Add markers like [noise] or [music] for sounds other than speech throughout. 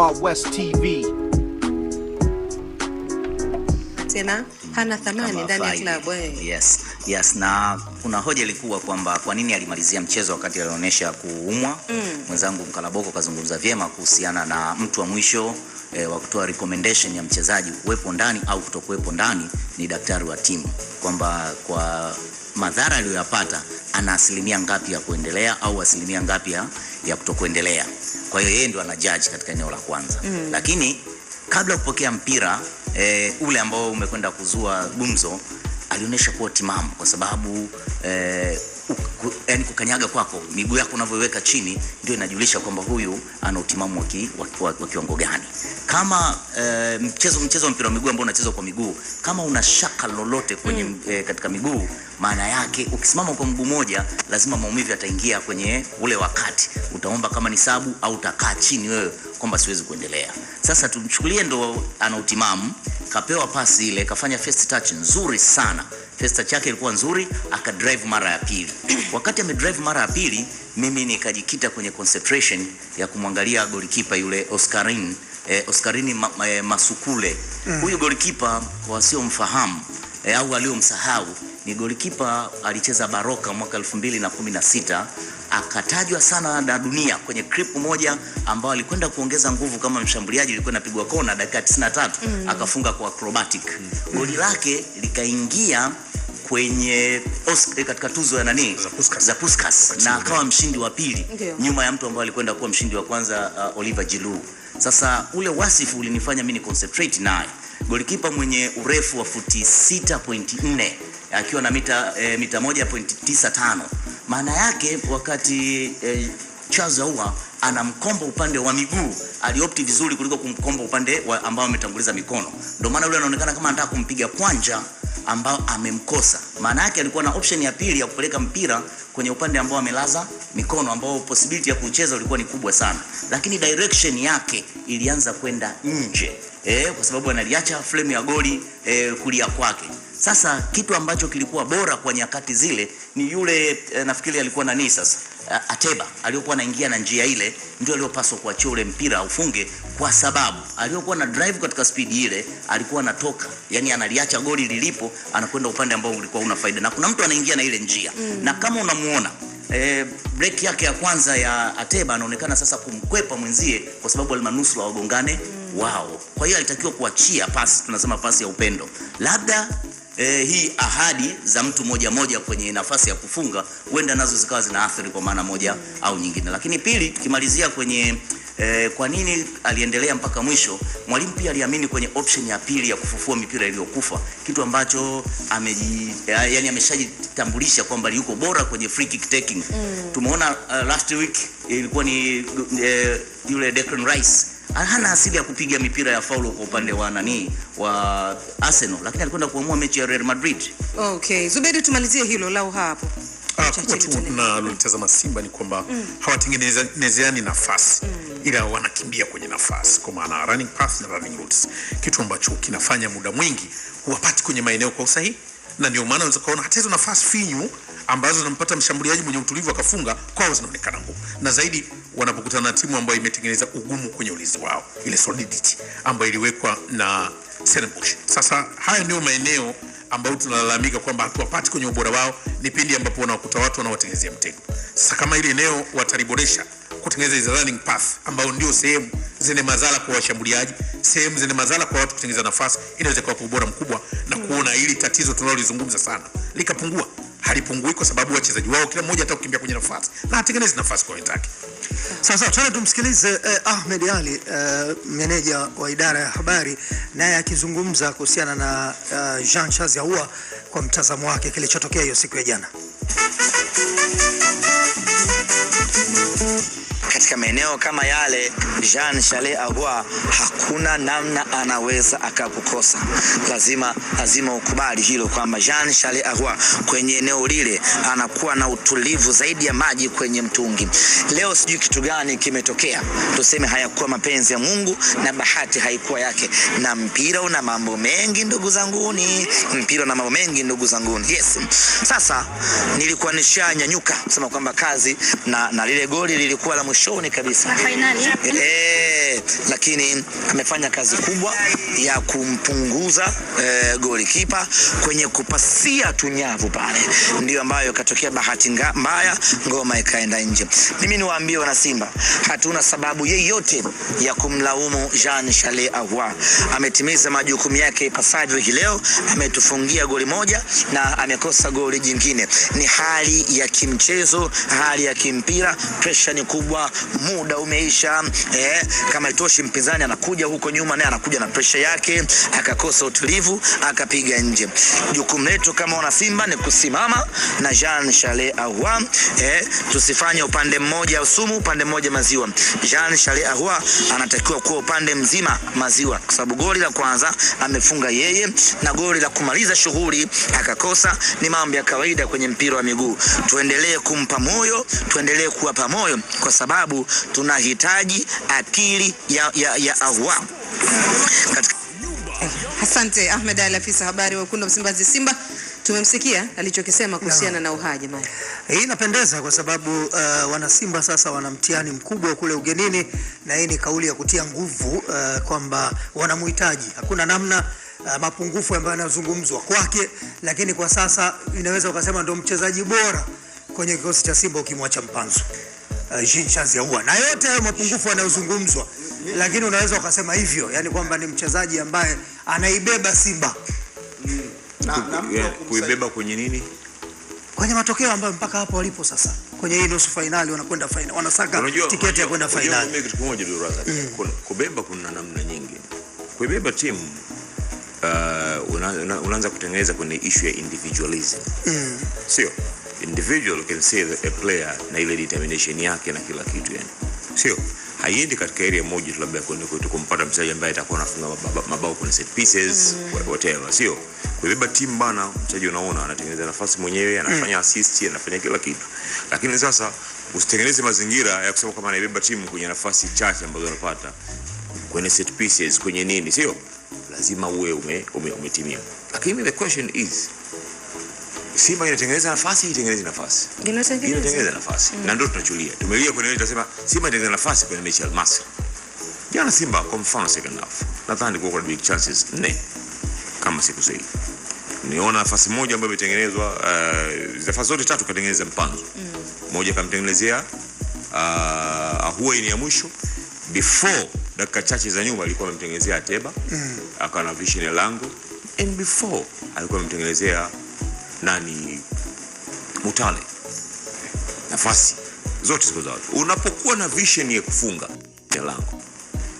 Wild West TV. Tena hana thamani ndani ya klabu eh. Yes. Yes, na kuna hoja ilikuwa kwamba kwa nini alimalizia mchezo wakati alionyesha kuumwa. Mm. Mwenzangu Mkalaboko kazungumza vyema kuhusiana na mtu wa mwisho e, wa kutoa recommendation ya mchezaji kuwepo ndani au kutokuwepo ndani ni daktari wa timu, kwamba kwa madhara aliyoyapata ana asilimia ngapi ya kuendelea au asilimia ngapi ya kutokuendelea. Kwa hiyo yeye ndio ana judge katika eneo la kwanza mm. Lakini kabla kupokea mpira e, ule ambao umekwenda kuzua gumzo alionyesha kuwa timamu kwa sababu e, yani kukanyaga kwako miguu yako unavyoweka chini ndio inajulisha kwamba huyu ana utimamu wa kiwango gani. Kama e, mchezo mchezo wa mpira wa miguu ambao unachezwa kwa miguu, kama una shaka lolote kwenye mm. e, katika miguu, maana yake ukisimama kwa mguu moja, lazima maumivu yataingia kwenye ule wakati, utaomba kama ni sabu au utakaa chini wewe kwamba siwezi kuendelea. Sasa tumchukulie ndo ana utimamu, kapewa pasi ile, kafanya first touch nzuri sana Festa chake ilikuwa nzuri, akadrive mara ya pili. [clears throat] Wakati amedrive mara ya pili, mimi nikajikita kwenye concentration ya kumwangalia golikipa yule Oscarin, eh, Oscarini ma, eh, Masukule mm. Huyu golikipa kwa wasiomfahamu eh, au waliomsahau ni golikipa alicheza Baroka mwaka 2016 akatajwa sana na dunia kwenye clip moja ambayo alikwenda kuongeza nguvu kama mshambuliaji, ilikuwa inapigwa kona dakika 93 mm. akafunga kwa acrobatic mm. goli lake likaingia kwenye Oscar, eh, katika tuzo ya nani za Puskas na akawa mshindi wa pili nyuma ya mtu ambaye alikwenda kuwa mshindi wa kwanza uh, Oliver Giroud. Sasa ule wasifu ulinifanya mimi ni concentrate naye, golikipa mwenye urefu wa futi 6.4 akiwa na mita e, mita 1.95 maana yake wakati e, Charles Aua anamkomba upande wa miguu, aliopti vizuri kuliko kumkomba upande ambao ametanguliza mikono. Ndio maana yule anaonekana kama anataka kumpiga kwanja ambao amemkosa. Maana yake alikuwa na option ya pili ya kupeleka mpira kwenye upande ambao amelaza mikono, ambao possibility ya kucheza ulikuwa ni kubwa sana, lakini direction yake ilianza kwenda nje eh, kwa sababu analiacha frame ya goli eh, kulia kwake. Sasa kitu ambacho kilikuwa bora kwa nyakati zile ni yule eh, nafikiri alikuwa nani sasa Ateba aliyokuwa anaingia na njia ile ndio aliyopaswa kuachia ule mpira ufunge, kwa sababu aliyokuwa na drive katika spidi ile alikuwa anatoka, yani analiacha goli lilipo, anakwenda upande ambao ulikuwa una faida na kuna mtu anaingia na ile njia mm. na kama unamuona E, break yake ya kwanza ya Ateba anaonekana sasa kumkwepa mwenzie kwa sababu alimanusura wagongane mm. wao. Kwa hiyo alitakiwa kuachia pasi, tunasema pasi ya upendo labda eh, hii ahadi za mtu moja moja kwenye nafasi ya kufunga huenda nazo zikawa zina athari kwa maana moja au nyingine. Lakini pili, tukimalizia kwenye eh, kwa nini aliendelea mpaka mwisho, Mwalimu pia aliamini kwenye option ya pili ya kufufua mipira iliyokufa, kitu ambacho ameji, e, yani ameshajitambulisha kwamba yuko bora kwenye free kick taking mm. Tumeona uh, last week ilikuwa ni uh, yule Declan Rice hana asili ya kupiga mipira ya faulu kwa upande wa nani wa Arsenal, lakini alikwenda kuamua mechi ya Real Madrid. Okay, Zubedi, tumalizie hilo lau hapo ah, tunalolitazama Simba ni kwamba mm. hawatengenezeani nafasi mm. ila wanakimbia kwenye nafasi, kwa maana running pass na running routes, kitu ambacho kinafanya muda mwingi huwapati kwenye maeneo kwa usahihi, na ndio maana unaweza kuona hata hizo nafasi finyu ambazo zinampata mshambuliaji mwenye utulivu akafunga kwao zinaonekana ngumu na zaidi wanapokutana na timu ambayo imetengeneza ugumu kwenye ulinzi wao, ile solidity ambayo iliwekwa na Stellenbosch. Sasa haya ndio maeneo ambayo tunalalamika kwamba hatuwapati kwenye ubora wao, ni pindi ambapo wanakuta watu wanaotengenezea mtego. Sasa kama ile eneo wataliboresha kutengeneza hizo running path ambayo ndio sehemu zenye madhara kwa washambuliaji, sehemu zenye madhara kwa watu kutengeneza nafasi, inaweza kuwa ubora mkubwa na mm. kuona ili tatizo tunalolizungumza sana likapungua. Halipungui kwa sababu wachezaji wao kila mmoja atakukimbia kwenye nafasi na atengeneze nafasi kwa wenzake. Sasa tuende tumsikilize eh, Ahmed Ali eh, meneja wa idara ya habari naye akizungumza kuhusiana na eh, Jean Charles Ahoua kwa mtazamo wake kilichotokea hiyo siku ya jana katika maeneo kama yale, Jean Chalet Ahoua hakuna namna anaweza akakukosa. Lazima lazima ukubali hilo kwamba Jean Chalet Ahoua kwenye eneo lile anakuwa na utulivu zaidi ya maji kwenye mtungi. Leo sijui kitu gani kimetokea, tuseme hayakuwa mapenzi ya Mungu na bahati haikuwa yake, na mpira una mambo mengi ndugu zanguni, mpira una mambo mengi ndugu zanguni. Yes, sasa nilikuwa nishanyanyuka kusema kwamba kazi na, na lile goli lilikuwa la mwisho única cabeza La final. ¿eh? eh, lakini amefanya kazi kubwa ya kumpunguza eh, goli kipa kwenye kupasia tunyavu pale, ndio ambayo ikatokea bahati mbaya, ngoma ikaenda nje. Mimi niwaambie wana Simba, hatuna sababu yeyote ya kumlaumu Jean Charles Ahoua. Ametimiza majukumu yake ipasavyo. Hii leo ametufungia goli moja na amekosa goli jingine. Ni hali ya kimchezo, hali ya kimpira, presha ni kubwa, muda umeisha eh, kama itoshi, mpinzani anakuja huko nyuma, naye anakuja na presha yake, akakosa utulivu, akapiga nje. Jukumu letu kama wana Simba ni kusimama na Jean chale Ahoua, eh, tusifanye upande mmoja usumu, upande mmoja maziwa. Jean chale Ahoua anatakiwa kuwa upande mzima maziwa, kwa sababu goli la kwanza amefunga yeye na goli la kumaliza shughuli akakosa. Ni mambo ya kawaida kwenye mpira wa miguu. Tuendelee kumpa moyo, tuendelee kuwapa moyo, kwa sababu tunahitaji akili ya, ya, ya AWAM katika Asante Ahmed Ali afisa habari wa kundi Msimbazi Simba. Tumemsikia alichokisema kuhusiana na uhaji Jamani, hii inapendeza kwa sababu uh, wanasimba sasa wana mtihani mkubwa kule ugenini, na hii ni kauli ya kutia nguvu uh, kwamba wanamhitaji, hakuna namna Uh, mapungufu ambayo yanazungumzwa kwake, lakini kwa sasa inaweza ukasema ndio mchezaji bora kwenye kikosi cha Simba ukimwacha Mpanzu, uh, Jean Charles Ahoua, na yote hayo mapungufu yanayozungumzwa lakini unaweza ukasema hivyo, yani kwamba ni mchezaji ambaye anaibeba Simba kuibeba kwenye nini, kwenye matokeo ambayo mpaka hapo walipo sasa kwenye hii nusu fainali wanakwenda fainali, wanasaka tiketi ya kwenda fainali. Mimi kitu kimoja tu Raza, mm. kubeba kuna namna nyingi kuibeba timu uh, unaanza una, kutengeneza kwenye issue ya individualism mm. sio individual can say that a player na ile determination yake na kila kitu yani, sio haiendi katika area moja tu, labda kwenda kwetu kumpata mchezaji ambaye atakuwa anafunga mabao kwenye set pieces mm. whatever, sio kuibeba timu bana. Mchezaji unaona anatengeneza nafasi mwenyewe, anafanya mm. assist, anafanya kila kitu, lakini sasa usitengeneze mazingira ya kusema kama anaibeba timu kwenye nafasi chache ambazo anapata kwenye set pieces, kwenye nini, sio lazima uwe ume, ume, ume, lakini the question is Simba inatengeneza nafasi, itengeneze nafasi, inatengeneza nafasi mm. na ndio tunachulia, tumelia kwenye tunasema Simba inatengeneza nafasi kwenye mechi ya Almasi jana. Simba kwa mfano, second half nadhani kulikuwa kuna big chances nne kama siku sikosei, niona nafasi moja ambayo imetengenezwa. Uh, nafasi zote tatu katengeneza Mpanzu mm. moja kamtengenezea uh, Ahoua ni ya mwisho before dakika chache za nyuma alikuwa amemtengenezea Ateba mm. akawa na vision ya lango and before alikuwa amemtengenezea nani Mutale, nafasi zote ziko za watu. Unapokuwa na vision ya kufunga lango,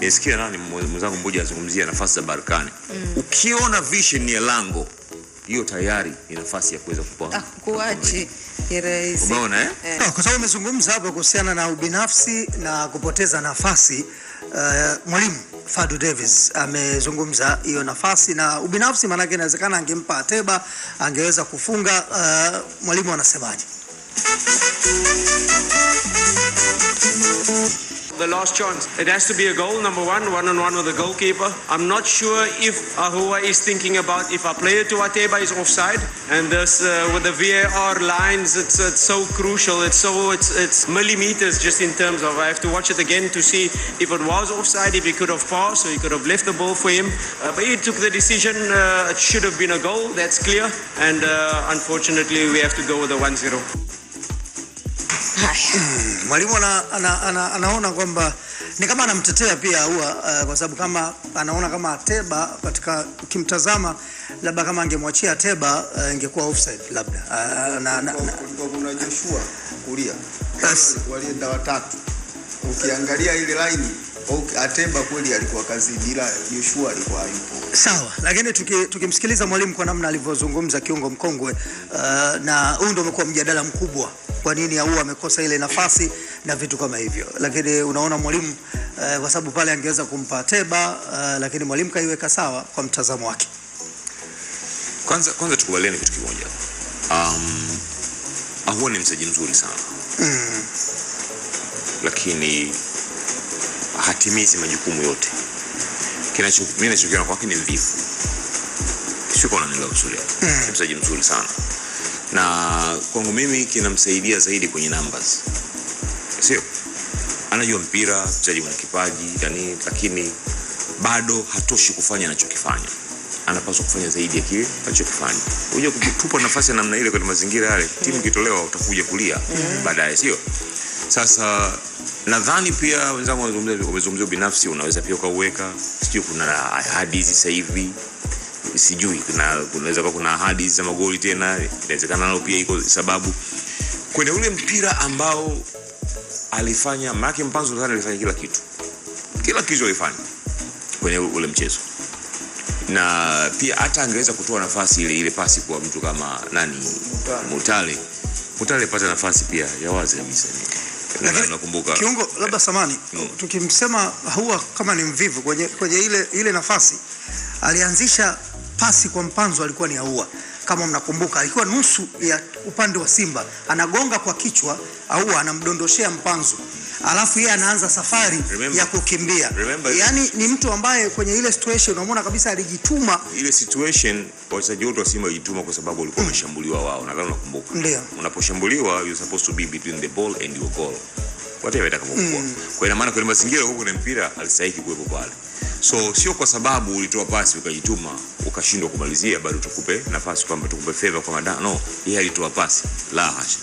nisikia nani mwenzangu mmoja azungumzia nafasi za Barkani mm. Ukiona vision ya lango hiyo tayari ni nafasi ya kuweza kupona ah, kuachi Umeona, eh? Eh. No, kwa sababu umezungumza hapo kuhusiana na ubinafsi na kupoteza nafasi uh, mwalimu Fadu Davis amezungumza hiyo nafasi na ubinafsi, maanake inawezekana angempa Ateba angeweza kufunga. Uh, mwalimu anasemaje? the last chance. It has to be a goal, number one, one on one with the goalkeeper. I'm not sure if Ahua is thinking about if a player to Ateba is offside. And this, uh, with the VAR lines, it's, it's so crucial. It's so it's, it's millimeters just in terms of I have to watch it again to see if it was offside, if he could have passed or he could have left the ball for him. Uh, but he took the decision. Uh, it should have been a goal. That's clear. And uh, unfortunately, we have to go with the 1-0. Mm, mwalimu ana, ana, ana, anaona kwamba ni kama anamtetea pia huwa uh, eh, kwa sababu kama anaona kama Teba katika ukimtazama labda kama angemwachia Teba uh, eh, ingekuwa offside labda uh, na, na, na, kuna Joshua kulia walienda watatu ukiangalia ile line Okay, Atemba kweli alikuwa kazini ila Joshua alikuwa hayupo. Sawa, lakini tukimsikiliza tuki mwalimu kwa namna alivyozungumza kiungo mkongwe uh, na huu ndio umekuwa mjadala mkubwa kwa nini au amekosa ile nafasi na vitu kama hivyo, lakini unaona mwalimu uh, kwa sababu pale angeweza kumpa Ateba uh, lakini mwalimu kaiweka sawa kwa mtazamo wake. Kwanza kwanza tukubaliane kitu kimoja. Um, Ahoua ni mchezaji mzuri sana mm. Lakini hatimizi majukumu yote. Mimi nachokiona kwake ni mvivu, sio kwa nani la uzuri, mchezaji hmm. mzuri sana, na kwangu mimi kinamsaidia zaidi kwenye numbers, sio anajua mpira, mchezaji mwenye kipaji yani, lakini bado hatoshi kufanya anachokifanya. Anapaswa kufanya zaidi ya kile anachokifanya. Unajua, kutupa nafasi ya namna ile kwenye mazingira yale, timu ikitolewa utakuja kulia hmm. baadaye, sio sasa Nadhani pia wenzangu wamezungumzia ubinafsi, unaweza pia ukauweka, sijui kuna ahadi hizi sasa hivi sijui kuna kunaweza kuwa kuna ahadi za magoli tena, inawezekana nao pia iko sababu kwenye ule mpira ambao alifanya Maki mpanzo nadhani alifanya kila kitu, kila kitu alifanya kwenye ule mchezo, na pia hata angeweza kutoa nafasi ile ile pasi kwa mtu kama nani, Mutale. Mutale pata nafasi pia ya wazi kabisa nakumbuka kiungo labda samani mm. tukimsema huwa kama ni mvivu kwenye, kwenye ile, ile nafasi alianzisha pasi kwa mpanzo alikuwa ni aua kama mnakumbuka alikuwa nusu ya upande wa Simba anagonga kwa kichwa aua anamdondoshea mpanzo alafu yeye anaanza safari remember, ya kukimbia remember, yani ni mtu ambaye kwenye ile situation unaona kabisa alijituma. Ile situation wachezaji wote wa Simba walijituma kwa sababu walikuwa wameshambuliwa mm. wao, nadhani unakumbuka, ndio unaposhambuliwa you supposed to be between the ball and your goal whatever itakapokuwa mm. kwa ina maana kwenye mazingira huko na mpira alistahili kuwepo pale so sio kwa sababu ulitoa pasi ukajituma ukashindwa kumalizia bado tukupe nafasi kwamba tukupe favor kwa madano yeye alitoa pasi la hasha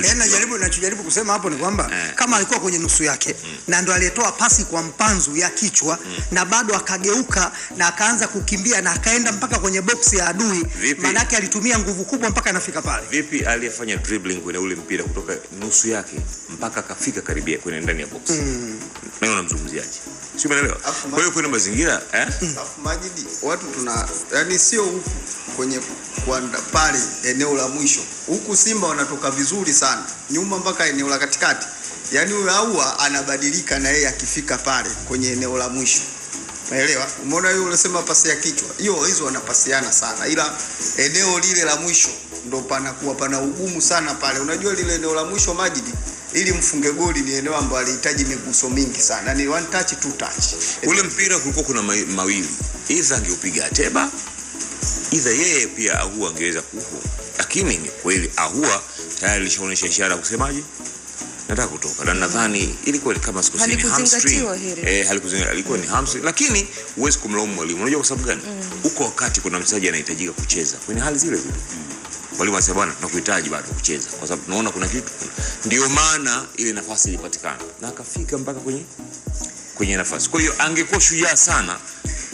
Yaani, najaribu nachojaribu kusema hapo ni kwamba eh, kama alikuwa kwenye nusu yake mm, na ndo aliyetoa pasi kwa mpanzu ya kichwa mm, na bado akageuka na akaanza kukimbia na akaenda mpaka kwenye box ya adui, maanake alitumia nguvu kubwa mpaka anafika pale. Vipi aliyefanya dribbling kwenye ule mpira kutoka nusu yake mpaka akafika karibia kwenye ndani ya box mm, na unamzungumziaje? Sio, umeelewa? Kwa hiyo kwenye mazingira eh, Majidi, watu tuna yani sio huku kwenye kwanda pale eneo la mwisho huku Simba wanatoka vizuri sana nyuma mpaka eneo la katikati, yaani huyo aua anabadilika na yeye akifika pale kwenye eneo la mwisho. Naelewa, umeona yule unasema pasi ya kichwa hiyo, hizo wanapasiana sana, ila eneo lile la mwisho ndo panakuwa pana ugumu sana pale. Unajua lile eneo la mwisho Majidi, ili mfunge goli ni eneo ambalo alihitaji miguso mingi sana, ni one touch two touch. Ule mpira kulikuwa kuna mawili, iza angeupiga Ateba Idha yeye pia Ahua angeweza kuhu, lakini ni kweli Ahua tayari alishaonyesha ishara kusemaje, nataka kutoka, na nadhani ilikuwa kama sikosini hamstring, eh, ilikuwa ni hamstring, lakini huwezi kumlaumu mwalimu. Unajua kwa sababu gani? Mm. Uko wakati kuna mchezaji anahitajika kucheza kwenye hali zile zile mwalimu asema bwana, tunakuhitaji bado kucheza, kwa sababu tunaona kuna kitu. Ndio maana ile nafasi ilipatikana na akafika mpaka kwenye kwenye nafasi. Kwa hiyo angekuwa shujaa sana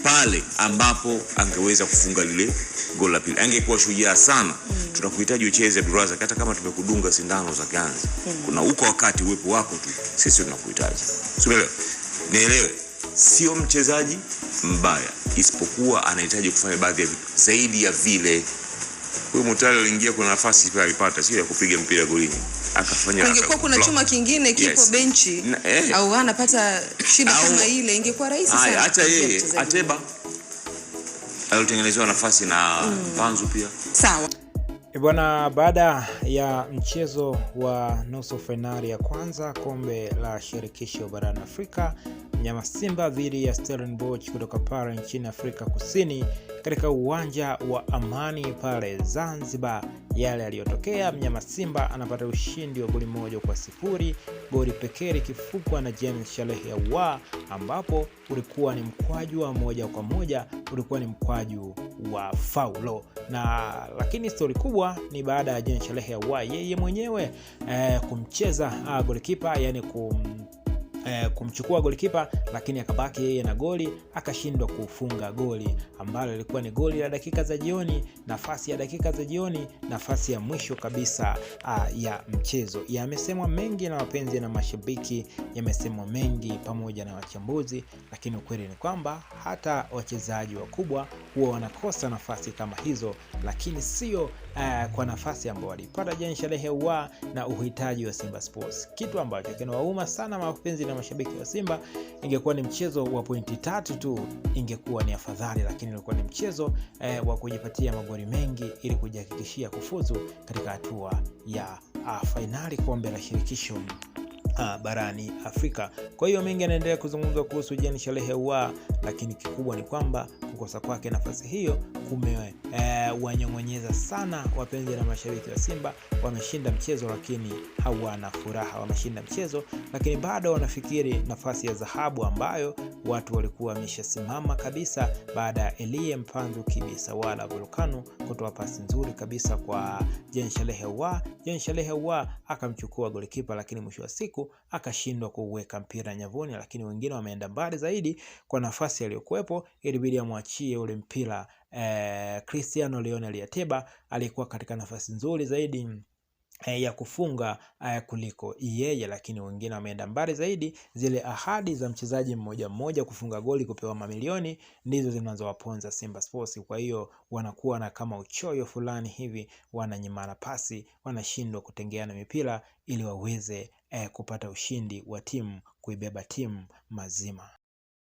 pale ambapo angeweza kufunga lile goli la pili, angekuwa shujaa sana mm. Tunakuhitaji ucheze Abdulrazza, hata kama tumekudunga sindano za ganzi mm. Kuna uko wakati uwepo wako tu sisi tunakuhitaji, sielewe nielewe, sio mchezaji mbaya, isipokuwa anahitaji kufanya baadhi ya vitu zaidi ya vile. Huyu Mutale aliingia, kuna nafasi pia alipata, sio ya kupiga mpira golini akafanya ingekuwa kuna chuma kingine kipo yes. benchi na, eh, au anapata shida kama ile ingekuwa rahisi sana. Hata yeye Ateba alitengenezewa nafasi na mm. Panzu pia sawa. E bwana, baada ya mchezo wa nusu fainali ya kwanza kombe la shirikisho barani Afrika nyama Simba dhidi ya Stellenbosch kutoka pale nchini Afrika Kusini katika uwanja wa Amani pale Zanzibar. Yale yaliyotokea, mnyama Simba anapata ushindi wa goli moja kwa sifuri, goli pekee likifukwa na James Shalehe wa ambapo ulikuwa ni mkwaju wa moja kwa moja, ulikuwa ni mkwaju wa faulo na lakini stori kubwa ni baada ya James Shalehe wa yeye mwenyewe eh, kumcheza ah, golikipa yani kum eh, kumchukua golikipa, lakini akabaki yeye na goli akashindwa kufunga goli ambalo ilikuwa ni goli la dakika za jioni, nafasi ya dakika za jioni, nafasi ya mwisho kabisa a, ah, ya mchezo. Yamesemwa mengi na wapenzi na mashabiki, yamesemwa mengi pamoja na wachambuzi, lakini ukweli ni kwamba hata wachezaji wakubwa huwa wanakosa nafasi kama hizo, lakini sio uh, kwa nafasi ambayo walipata jana sherehe wa na uhitaji wa Simba Sports, kitu ambacho kinawauma sana mapenzi na mashabiki wa Simba. Ingekuwa ni mchezo wa pointi tatu tu ingekuwa ni afadhali, lakini ilikuwa ni mchezo uh, wa kujipatia magoli mengi ili kujihakikishia kufuzu katika hatua ya uh, ah, fainali kombe la shirikisho uh, barani Afrika. Kwa hiyo mengi yanaendelea kuzungumzwa kuhusu Jean wa, lakini kikubwa ni kwamba kukosa kwake nafasi hiyo kume uh, eh, sana wapenzi na mashabiki wa Simba. Wameshinda mchezo lakini hawana furaha, wameshinda mchezo lakini bado wanafikiri nafasi ya dhahabu ambayo watu walikuwa wameshasimama kabisa baada ya Elie Mpanzu Kibisa wala Volcano kutoa pasi nzuri kabisa kwa Jean Charles Ahoua. Jean Charles Ahoua akamchukua golikipa, lakini mwisho wa siku akashindwa kuweka mpira nyavuni, lakini wengine wameenda mbali zaidi kwa nafasi aliyokuwepo, ilibidi amwachie ule mpira eh, Cristiano Lionel Yateba alikuwa katika nafasi nzuri zaidi Eh, ya kufunga eh, kuliko yeye, lakini wengine wameenda mbali zaidi. Zile ahadi za mchezaji mmoja mmoja kufunga goli kupewa mamilioni ndizo zinazowaponza Simba Sports. Kwa hiyo wanakuwa na kama uchoyo fulani hivi, wananyimana pasi, wanashindwa kutengeana mipira ili waweze eh, kupata ushindi wa timu kuibeba timu mazima.